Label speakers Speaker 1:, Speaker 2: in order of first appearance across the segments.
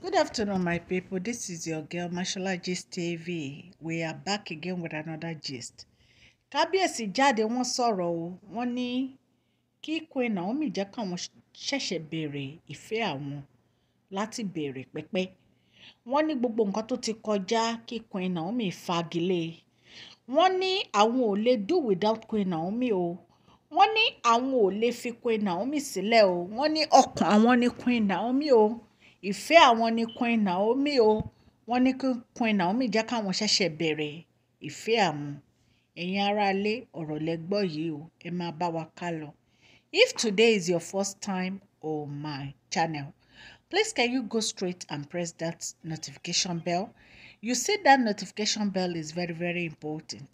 Speaker 1: Good afternoon, my people. This is your girl Mashola Gist TV. We are back again with another gist. Kábíyèsí jáde wọ́n sọ̀rọ̀ o, wọ́n ní kí Queen Naomi jẹ́ káwọn ṣẹ̀ṣẹ̀ béèrè ìfẹ́ àwọn láti béèrè pẹ́pẹ́. Wọ́n ní gbogbo nǹkan tó ti kọjá kí Queen Naomi fagilé. Wọ́n ní àwọn ò lè do without Queen Naomi o. Wọ́n ní àwọn ò lè fi Queen Naomi sílẹ̀ o. Wọ́n ní ọkàn àwọn ni Queen Naomi o ìfẹ́ àwọn ni Queen Naomi o wọ́n ní kí Queen Naomi jẹ́ káwọn ṣẹ̀ṣẹ̀ bẹ̀rẹ̀ ìfẹ́ àwọn ẹ̀yin aráalé ọ̀rọ̀ lẹ́gbọ́ yìí o ẹ máa bá wa ká lọ. If today is your first time on my channel please can you go straight and press that notification bell you see that notification bell is very very important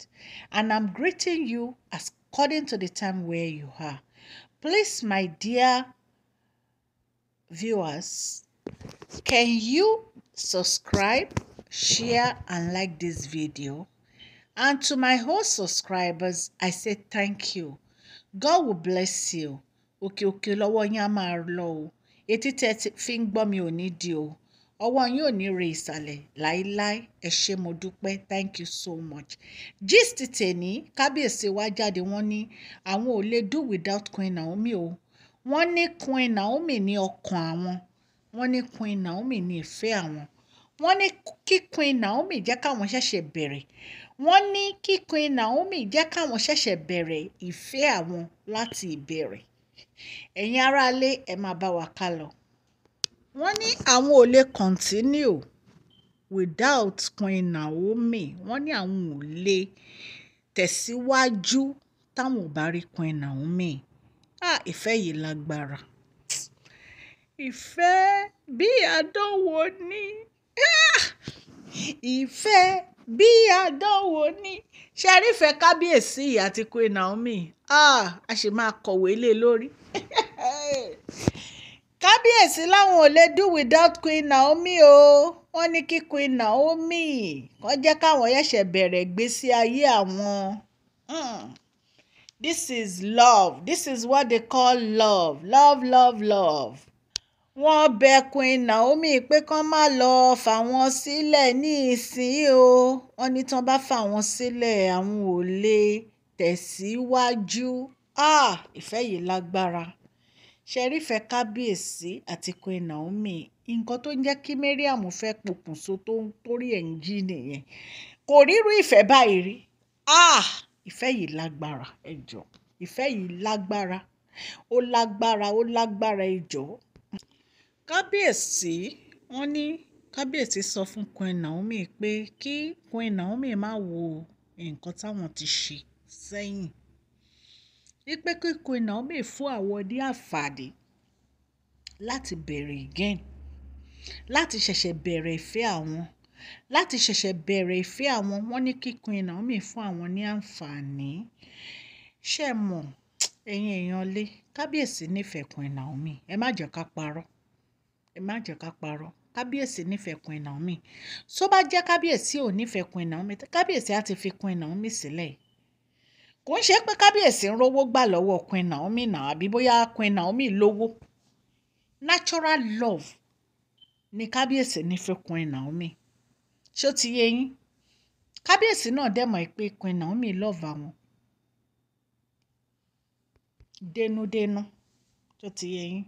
Speaker 1: and I'm greeting you according to the time where you are please my dear viewers can you subscribe share and like this video and to my whole subscribers i say thank you god will bless you òkè òkè lọ́wọ́ yín á máa lọ o etí tẹ́ ti fi ń gbọ́ mi ò ní di o ọwọ́ yín ò ní re ìsàlẹ̀ láéláé ẹ ṣé mo dúpẹ́ thank you so much gist tèmi kábíyèsí wa jáde wọ́n ní àwọn ò lè do without Queen Naomi o wọ́n ní Queen Naomi ní ọkàn àwọn wọ́n ní queen naomi ní ìfẹ́ àwọn wọ́n ní kí queen naomi jẹ́ káwọn ṣẹ̀ṣẹ̀ bẹ̀rẹ̀ wọ́n ní kí queen naomi jẹ́ káwọn ṣẹ̀ṣẹ̀ bẹ̀rẹ̀ ìfẹ́ àwọn láti ìbẹ̀rẹ̀ ẹ̀yin aráalé ẹ máa bá wa ká lọ. wọ́n ní àwọn ò lè continue without queen naomi wọ́n ní àwọn ò lè tẹ̀síwájú táwọn ò bá rí queen naomi ah ìfẹ́ yìí lágbára. Ìfẹ́ bí àdánwò ni. Ah! Ìfẹ́ bí àdánwò ni. Ṣé ẹ rí ìfẹ́ kábíyèsí àti Queen Naomi? Ah! A sì máa kọ̀wé lé lórí. Kábíyèsí láwọn ò lè do without Queen Naomi o. Wọ́n ní kí Queen Naomi kan jẹ́ káwọn ṣẹ̀ṣẹ̀ bẹ̀rẹ̀ ìgbésí ayé àwọn. Hmm. This is love. This is what they call love. Love, love, love wọ́n bẹ queen naomi pé kí wọ́n má lọ́ọ́ fàwọn sílẹ̀ nísìnyìí o wọ́n ní tí wọ́n bá fàwọn sílẹ̀ àwọn ò lè tẹ̀síwájú ah, ìfẹ́ yìí lágbára ṣẹ̀rífẹ́ kábíyèsí àti queen naomi nǹkan tó ń jẹ́ kí mariam fẹ́ pokùnso tó ń torí ẹ̀ ń jí nìyẹn kò rírú ìfẹ́ báyìí rí ah, ìfẹ́ yìí lágbára ẹ̀jọ̀ ìfẹ́ yìí lágbára ó lágbára ó lágbára ẹ̀jọ̀ kábíyèsí wọ́n ní kábíyèsí sọ fún queen naomi pé kí queen naomi má wo nǹkan táwọn ti ṣe sẹ́yìn wípé kí queen naomi fún àwọn ní àǹfààní láti bẹ̀rẹ̀ again láti ṣẹ̀ṣẹ̀ bẹ̀rẹ̀ ìfẹ́ àwọn láti ṣẹ̀ṣẹ̀ bẹ̀rẹ̀ ìfẹ́ àwọn wọ́n ní kí queen naomi fún àwọn ní àǹfààní ṣe mọ̀ ẹ̀yin èèyàn lé kábíyèsí nífẹ̀ẹ́ queen naomi ẹ má jẹ́ ká parọ́ ẹ má jẹ́ ká parọ́ kábíyèsí nífẹ̀ẹ́ Queen Naomi tó bá jẹ́ kábíyèsí ò nífẹ̀ẹ́ Queen Naomi kábíyèsí á ti fi Queen Naomi sílẹ̀ kò ń ṣe pé kábíyèsí ń rówó gbà lọ́wọ́ Queen Naomi náà àbí bóyá Queen Naomi lówó natural love ni kábíyèsí ní fún Queen Naomi ṣó ti yé yín kábíyèsí náà dẹ̀mọ̀ pé Queen Naomi love àwọn dénúdénú ṣó ti yé yín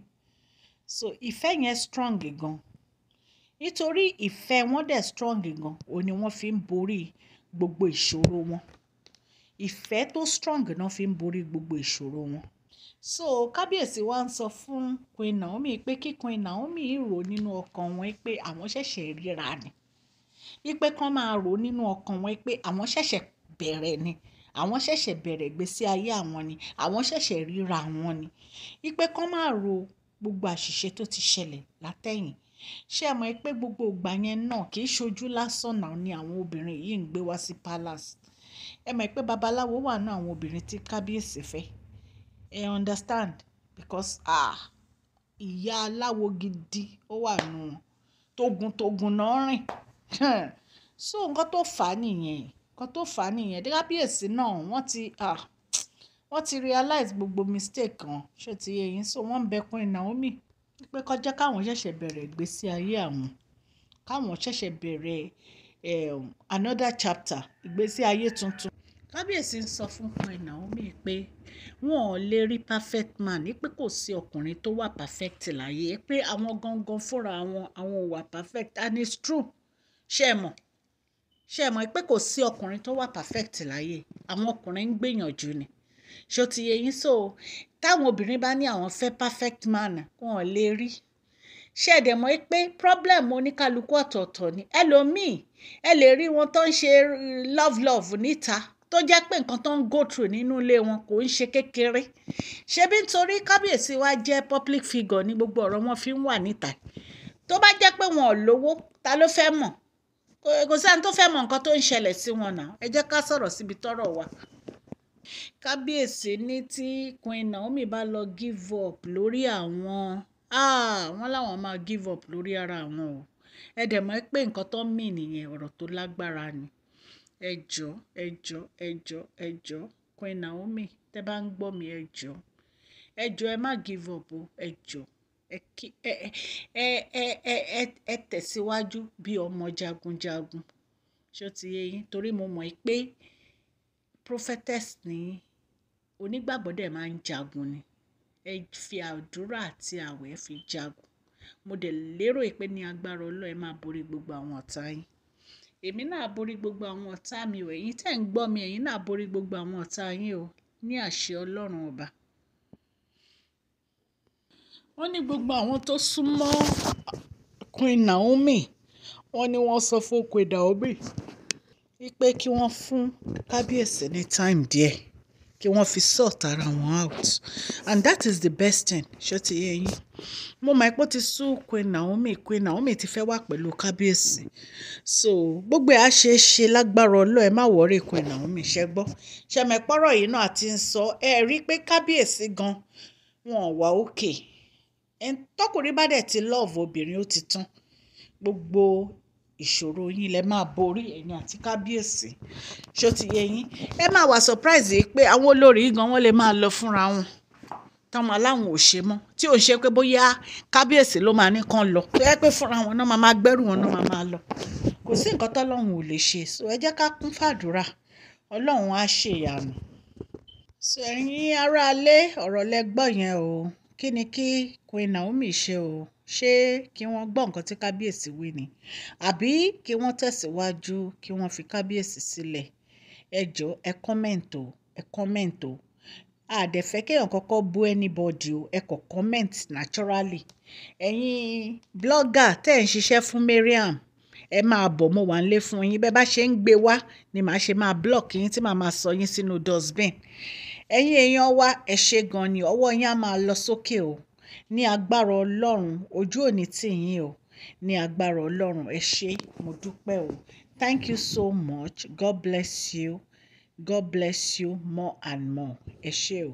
Speaker 1: so ìfẹ́ yẹn strong gan nítorí ìfẹ́ wọn dẹ̀ strong gan òun ni wọ́n fi ń borí gbogbo ìṣòro wọn ìfẹ́ tó strong náà fi ń borí gbogbo ìṣòro wọn. so kábíyèsí wa ń sọ fún Queen Naomi pé kí Queen Naomi rò nínú ọkàn wọn pé àwọn ṣẹ̀ṣẹ̀ ríra ni ipe kan máa rò nínú ọkàn wọn pé àwọn ṣẹ̀ṣẹ̀ bẹ̀rẹ̀ ni àwọn ṣẹ̀ṣẹ̀ bẹ̀rẹ̀ gbèsè ayé àwọn ni àwọn ṣẹ̀ṣẹ̀ ríra wọn ni ipe kan máa rò gbogbo àṣìṣe tó ti ṣẹlẹ̀ látẹ̀yìn ṣé ẹ mọ̀ pé gbogbo ìgbà yẹn náà kì í ṣojú lásán náà ni àwọn obìnrin yìí ń gbé wá sí palace ẹ mọ̀ pé babaláwo wà náà àwọn obìnrin tí kábíyèsí fẹ́ ẹ understand because ah ìyá aláwo gidi ó wà nù togun-togun náà rìn so nǹkan tó fà á nìyẹn nǹkan tó fà á nìyẹn kábíyèsí náà wọ́n ti ah wọ́n ti realize gbogbo mistake kan ṣó ti yé so wọ́n ń bẹ Naomi pé kó jẹ́ káwọn ṣẹ̀ṣẹ̀ bẹ̀rẹ̀ ìgbésí ayé àwọn káwọn ṣẹ̀ṣẹ̀ bẹ̀rẹ̀ um, another chapter ìgbésí ayé tuntun. kábíyèsí ń sọ fún Queen Naomi pé wọn ò lè rí perfect man ní pé kò sí ọkùnrin tó wà perfect láyé pé àwọn gangan fúnra àwọn àwọn ò wà perfect and it's true ṣé ẹ mọ̀ ṣé ẹ mọ̀ pé kò sí ọkùnrin tó wà perfect láyé àwọn ọkùnrin ń gbìyànjú ni ṣó ti yé yín so táwọn obìnrin bá ní àwọn fẹ́ perfect man wọn ò lè rí ṣe ẹ̀dẹ̀ mọ́ pé problem oníkálukú ọ̀tọ̀ọ̀tọ̀ ni ẹlòmíì ẹ lè rí wọn tó ń ṣe love love níta tó jẹ́ pé nǹkan tó ń go through nínú ilé wọn kò ń ṣe kékeré ṣebí nítorí kábíyèsí wa jẹ́ public figure ní gbogbo ọ̀rọ̀ wọn fi ń wà níta tó bá jẹ́ pé wọn ò lówó ta ló fẹ́ mọ̀ kò sẹ́ni tó fẹ́ mọ̀ nǹkan tó ń ṣẹlẹ̀ sí wọn náà ẹ jẹ́ ká sọ̀rọ̀ síbi tọ́rọ̀ wà kábíyèsí ní tí queen naomi bá lọ give up lórí àwọn ah, wọ́n láwọn máa give up lórí ara àwọn o ẹ dẹ̀ mọ̀ pé nǹkan tó mì nìyẹn ọ̀rọ̀ tó lágbára ni ẹ jọ̀ọ́ ẹ jọ̀ọ́ ẹ jọ̀ọ́ ẹ jọ̀ọ́ queen naomi tẹ́ bá ń gbọ́ mi ẹ jọ̀ọ́ ẹ jọ̀ọ́ ẹ má give up o ẹ jọ̀ọ́ ẹ tẹ̀síwájú bí ọmọ jagunjagun ṣó ti yé yín torí mo mọ̀ pé prophetess ní onígbàgbọ́ dẹ̀ máa ń jagun ni ẹ fi àdúrà àti àwẹ̀ fi jagun mo dẹ̀ lérò pé ní agbára Ọlọ́run ẹ máa borí gbogbo àwọn ọ̀tá yín èmi náà borí gbogbo àwọn ọ̀tá mi o ẹ̀yin tẹ́ ń gbọ́ mi ẹ̀yin náà borí gbogbo àwọn ọ̀tá yín o ní àṣẹ Ọlọ́run ọba wọ́n ní gbogbo àwọn tó súnmọ́ Queen Naomi wọ́n ní wọ́n sọ fún Queen Naomi wípé kí wọ́n fún kábíyèsí ní time díẹ̀ kí wọ́n fi sort ara wọn out and that is the best thing ṣé ti yé yín mo mọ̀ pé ó ti sú Queen Naomi Queen Naomi ti fẹ́ wà pẹ̀lú kábíyèsí so gbogbo ẹ̀ á ṣe é ṣe lágbára ọlọ́ ẹ má wọrí Queen Naomi ṣe gbọ́ ṣẹ̀mẹ̀pọ̀rọ̀ yìí náà ti ń sọ ẹ rí i pé kábíyèsí gan wọn ò wá òkè tọkùnrin bá dẹ̀ ti love obìnrin ó ti tán gbogbo ìṣòro yín lẹ máa borí ẹ̀yin àti kábíyèsí ṣó ti yé yín ẹ máa wà surprise yìí pé àwọn olórí yìí gan wọ́n lè máa lọ fúnra wọn táwọn aláwọn ò ṣe mọ́ tí ò ń ṣe pé bóyá kábíyèsí ló máa ní kán lọ tó yẹ pé fúnra wọn náà máa máa gbẹ́rù wọn náà máa máa lọ kò sí nǹkan tọ́lọ́run ò lè ṣe so ẹ jẹ́ ká kún fàdúrà ọlọ́run á ṣe ìyanu so ẹ̀yin aráalé ọ̀rọ̀ lẹ gbọ́ yẹn o kí ni kí Queen Naomi ṣe o ṣé kí wọ́n gbọ́ nǹkan tí kábíyèsí wí ni àbí kí wọ́n tẹ̀síwájú kí wọ́n fi kábíyèsí sílẹ̀ ẹ jọ̀ọ́ ẹ kọ́mẹ̀ǹtò ẹ kọ́mẹ̀ǹtò àdẹ̀fẹ́ kéèyàn kọ́kọ́ bú anybody o ẹ kọ́ comment naturally ẹ̀yin blogger tẹ́ ẹ̀ ń ṣiṣẹ́ fún Mariam ẹ máa bọ̀ mo wà ń lé fún yín bẹ́ẹ̀ bá ṣe ń gbé wá ni màá ṣe máa block yín tí màá máa sọ yín sínú dustbin ẹ̀yin èèyàn wa ẹ ṣe gan ni ọwọ́ yín á máa lọ sókè o Ní agbára Ọlọ́run, ojú ò ní tì yín o. Ní agbára Ọlọ́run, ẹ ṣé, mo dúpẹ́ o. Thank you so much. God bless you. God bless you more and more. Ẹ ṣé o.